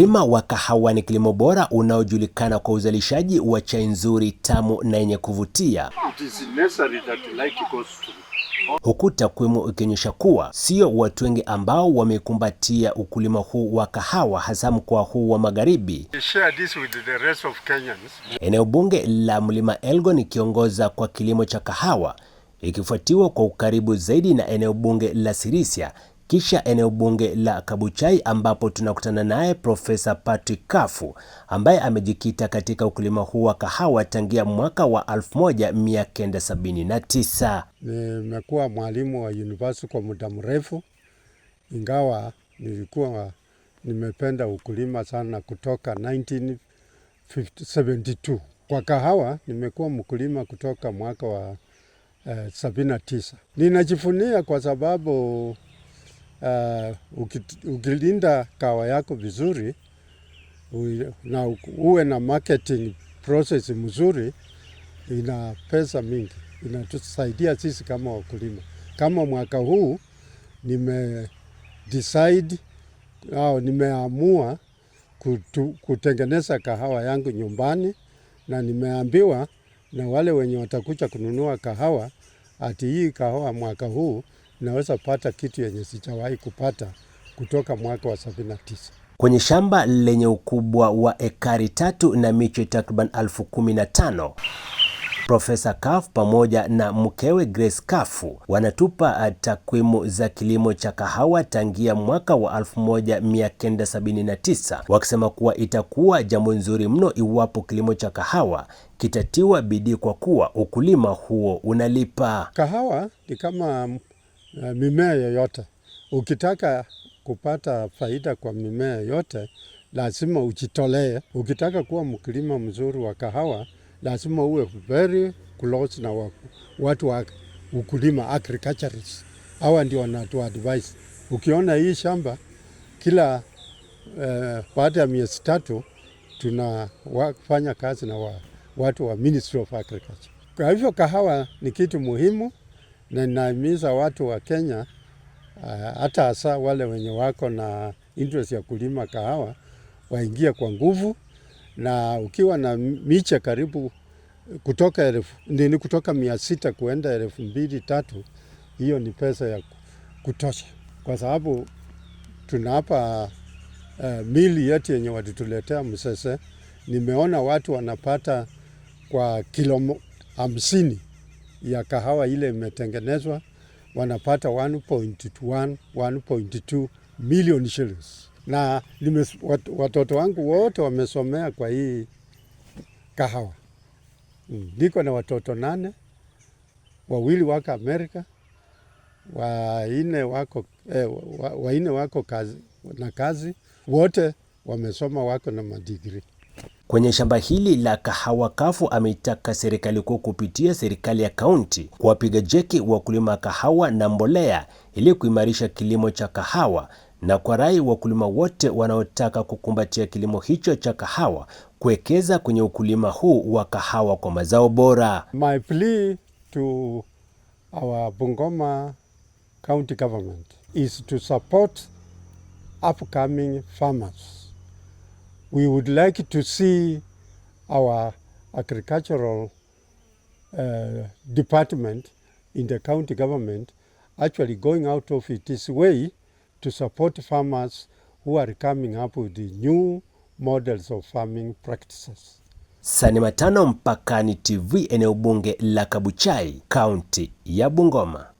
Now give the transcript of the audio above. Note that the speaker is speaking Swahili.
Ukulima wa kahawa ni kilimo bora unaojulikana kwa uzalishaji wa chai nzuri, tamu na yenye kuvutia huku takwimu ikionyesha kuwa sio watu wengi ambao wamekumbatia ukulima huu wa kahawa hasa mkoa huu wa Magharibi. Eneo bunge la Mlima Elgon ikiongoza kwa kilimo cha kahawa ikifuatiwa kwa ukaribu zaidi na eneo bunge la Sirisia kisha eneo bunge la Kabuchai ambapo tunakutana naye Profesa Patrick Kafu ambaye amejikita katika ukulima huu wa kahawa tangia mwaka wa 1979. Nimekuwa mwalimu wa university kwa muda mrefu, ingawa nilikuwa nimependa ukulima sana kutoka 1972. Kwa kahawa nimekuwa mkulima kutoka mwaka wa eh, 79. Ninajivunia kwa sababu uh, ukilinda kawa yako vizuri na uwe na marketing process mzuri, ina pesa mingi, inatusaidia sisi kama wakulima. Kama mwaka huu nime decide au nimeamua kutu, kutengeneza kahawa yangu nyumbani, na nimeambiwa na wale wenye watakuja kununua kahawa ati hii kahawa mwaka huu naweza pata kitu yenye sijawahi kupata kutoka mwaka wa 79. Kwenye shamba lenye ukubwa wa ekari tatu na miche takriban elfu kumi na tano Profesa Kafu pamoja na mkewe Grace Kafu wanatupa uh, takwimu za kilimo cha kahawa tangia mwaka wa 1979 wakisema kuwa itakuwa jambo nzuri mno iwapo kilimo cha kahawa kitatiwa bidii kwa kuwa ukulima huo unalipa. Kahawa ni kama mimea yoyote. Ukitaka kupata faida kwa mimea yote, lazima ujitolee. Ukitaka kuwa mkulima mzuri wa kahawa lazima uwe very close na waku, watu wa ukulima agriculturists. Hawa ndio wanatu advise. Ukiona hii shamba kila eh, baada ya miezi tatu tunafanya kazi na wa, watu wa Ministry of Agriculture. Kwa hivyo kahawa ni kitu muhimu na ninahimiza watu wa Kenya eh, hata uh, hasa wale wenye wako na interest ya kulima kahawa waingie kwa nguvu, na ukiwa na miche karibu kutoka elfu nini kutoka mia sita kuenda elfu mbili tatu, hiyo ni pesa ya kutosha, kwa sababu tunapa uh, mili yetu yenye watutuletea Msese, nimeona watu wanapata kwa kilo hamsini ya kahawa ile imetengenezwa wanapata 1.1 1.2 million shillings, na watoto wangu wote wamesomea kwa hii kahawa. Mm, niko na watoto nane, wawili wako Amerika, waine wako, eh, waine wako kazi, na kazi wote wamesoma wako na madigrii. Kwenye shamba hili la kahawa kafu ameitaka serikali kuu kupitia serikali ya kaunti kuwapiga jeki wakulima kahawa na mbolea ili kuimarisha kilimo cha kahawa na kwa rai wakulima wote wanaotaka kukumbatia kilimo hicho cha kahawa kuwekeza kwenye ukulima huu wa kahawa kwa mazao bora. My plea to our Bungoma county government is to support upcoming farmers we would like to see our agricultural uh, department in the county government actually going out of its way to support farmers who are coming up with the new models of farming practices. Sani Matano, Mpakani TV, eneo bunge la Kabuchai, kaunti ya Bungoma.